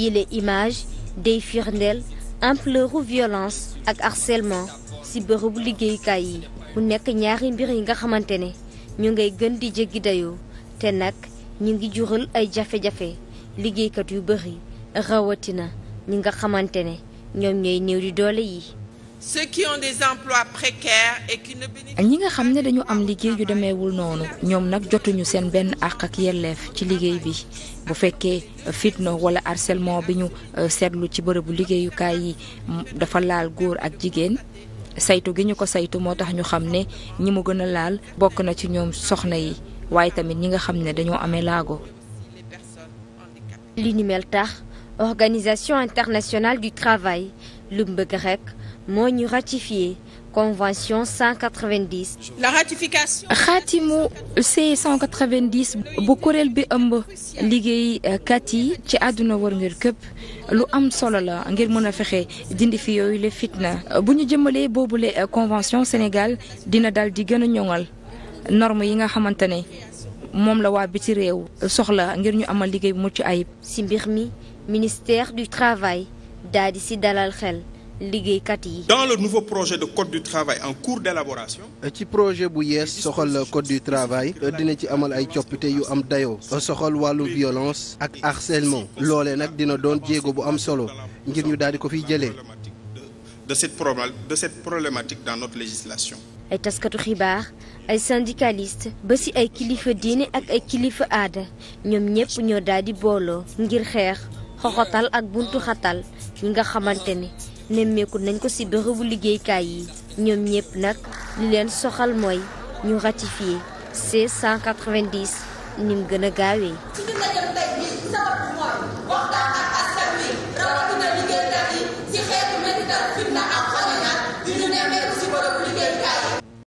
yile image day firndeel ampleuru violence ak harcèlement ci bërëbu liggéeyukaay yi mu nekk ñaari mbir yi nga xamante ne ñu ngay gën di jéggi dayoo te nag ñu ngi jural ay jafe-jafe liggéeykat yu bëri rawatina ñi nga xamante ne ñoom ñooy néew di doole yi ceux nga xam ne dañu am liggéey yu demeewul noonu ñoom nag jotuñu seen benn àq ak yelleef ci liggéey bi bu fekkee euh, fitna wala harcèlement bi ñu euh, seetlu ci bërëbu liggéeyukaay yi dafa laal góor ak jigéen saytu gi ñu ko saytu moo tax ñu xam ne ñi mu gën a laal bokk na ci ñoom soxna yi waaye tamit ñi nga xam ne dañoo amee laago. li ni mel tax organisation internationale du travail moo ñu ratifié convention 190. la ratification. xaatimu C 190 bu kuréel bi ëmb liggéeykat euh, yi ci àdduna ngir këpp lu am solo la ngir mën a fexe dindi fi yooyu le fitna. bu ñu jëmalee boobu boobule euh, convention Sénégal dina dal di gën a ñoŋal norme yi nga xamante ne moom la waa biti réew soxla ngir ñu amal liggéey bu mucc ayib. si mbir mi ministère du travail daal di si dalal xel. liggéeykat yi. dans le nouveau projet de code du travail en cours d'élaboration. ci projet bu yees soxal code du travail dina ci amal ay coppite yu am dayoo soxal wàllu violence ak harcèlement loole nag dina doon jéego bu am solo ngir ñu daal di ko fiy jëlee. de cette de cette problématique dans notre législation. ay taskatu xibaar ay syndicaliste ba ci ay kilifa diine ak ay kilifa aada ñoom ñépp ñoo daal di booloo ngir xeex xoxotal ak buntu xatal ñi nga xamante ni nemmeeku nañ ko ci bërëbu liggéeykaay yi ñoom ñépp nag li leen soxal mooy ñu ratifié C190 nim gën a gaawee.